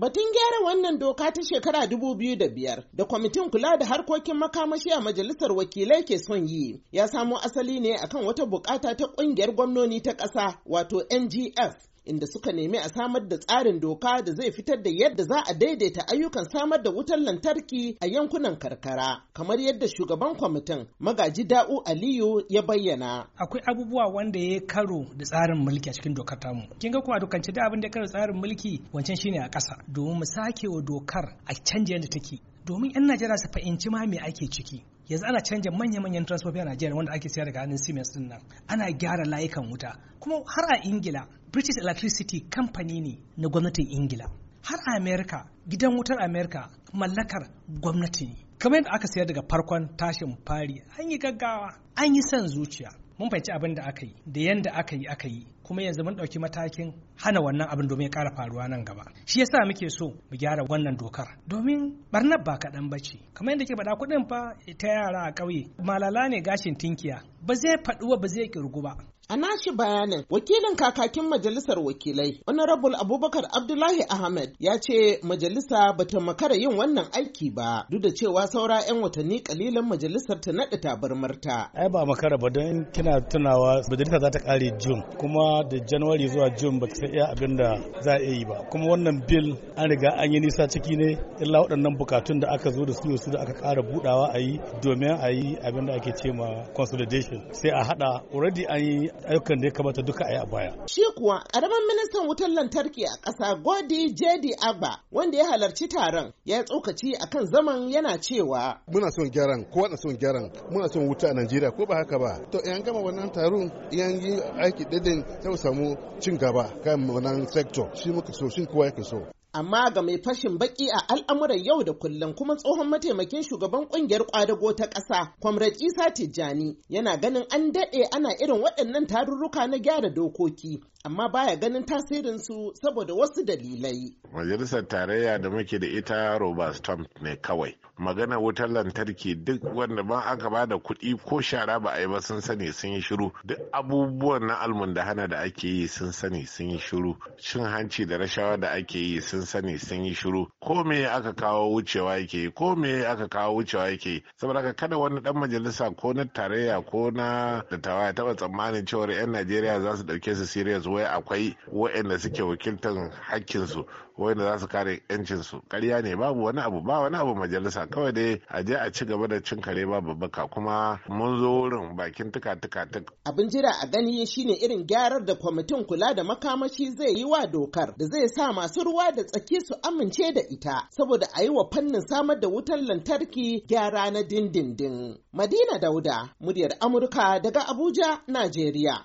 Batun gyara wannan doka ta shekara 2005 da kwamitin kula da harkokin makamashi a majalisar wakilai ke son yi ya samo asali ne akan wata bukata ta kungiyar gwamnoni ta ƙasa wato NGF inda suka nemi a samar da tsarin doka da zai fitar da yadda za a daidaita ayyukan samar da wutar lantarki a yankunan karkara kamar yadda shugaban kwamitin magaji da'u aliyu ya bayyana akwai abubuwa wanda ya karo da tsarin mulki a cikin dokar tamu kin ga kuma dokance da abin da ya karo tsarin mulki wancan shine a ƙasa domin mu sake wa dokar a canje yadda take domin 'yan najeriya su fahimci ma me ake ciki yanzu ana canja manya-manyan transfofi a Najeriya wanda ake siyar daga hannun Siemens din nan ana gyara layukan wuta kuma har a Ingila British Electricity Company ne na gwamnatin Ingila har a Amerika gidan wutar Amerika mallakar gwamnati ne kamar yadda aka sayar daga farkon tashin fari an yi gaggawa an yi san zuciya mun fahimci abin da aka yi da yanda aka yi aka yi kuma yanzu mun ɗauki matakin hana wannan abin domin ya ƙara faruwa nan gaba shi yasa muke so mu gyara wannan dokar domin barnar ba kaɗan ba ce kamar yadda ke faɗa kuɗin fa ta yara a ƙauye malala ne gashin tinkiya ba zai faɗuwa ba zai ƙirgu ba A nashi bayanin wakilin kakakin majalisar wakilai Honorable Abubakar Abdullahi Ahmed ya ce majalisa ba ta makara yin wannan aiki ba duk da cewa saura 'yan watanni kalilan majalisar ta naɗa tabarmarta. Ai ba makara ba don kina tunawa majalisa za ta kare Jun kuma da Januwari zuwa Jun ba ta iya abin da za a yi ba kuma wannan bil an riga an yi nisa ciki ne illa waɗannan bukatun da aka zo da su su da aka ƙara budawa a yi domin a yi abin da ake ce ma consolidation sai a haɗa already an yi ayyukan da ya kamata duka a yi a baya. Shi kuwa rabar ministan wutar lantarki a ƙasa Godi Jedi Agba wanda ya halarci taron ya tsokaci a kan zaman yana cewa. Muna son gyaran ko wani son gyaran muna son wuta a Najeriya ko ba haka ba. To in gama wannan taron yan yi aiki daidai sai mu samu cin gaba kan wannan sector shi muka so shi kowa yake so. amma ga mai fashin baki a al'amuran yau da kullum kuma tsohon mataimakin shugaban kungiyar kwadago ta ƙasa comrade isa tijjani yana ganin an daɗe ana irin waɗannan tarurruka na gyara dokoki amma baya ganin tasirinsu saboda wasu dalilai majalisar tarayya da muke da ita roba stump ne kawai magana wutar lantarki duk wanda ba aka ba da kuɗi ko shara ba a yi ba sun sani sun yi shiru duk abubuwan na almundahana da ake yi sun sani sun yi shiru cin hanci da rashawa da ake yi sun sani sun yi shiru ko me aka kawo wucewa yake yi ko me aka kawo wucewa yake yi saboda ka kada wani dan majalisa ko na tarayya ko na dattawa ya taba tsammanin cewar yan Najeriya za su dauke su serious wai akwai wa'anda suke wakiltan hakkinsu waɗanda za su kare 'yancinsu ƙarya ne babu wani abu ba wani abu majalisa kawai dai a je a ci gaba da cin kare babu baka kuma mun zo wurin bakin tuka tuka tuk. Abin jira a gani shine irin gyarar da kwamitin kula da makamashi zai yi wa dokar da zai sa masu ruwa da tsaki su amince da ita saboda a yi wa fannin samar da wutar lantarki gyara na dindindin. Madina Dauda, muryar Amurka daga Abuja, Najeriya.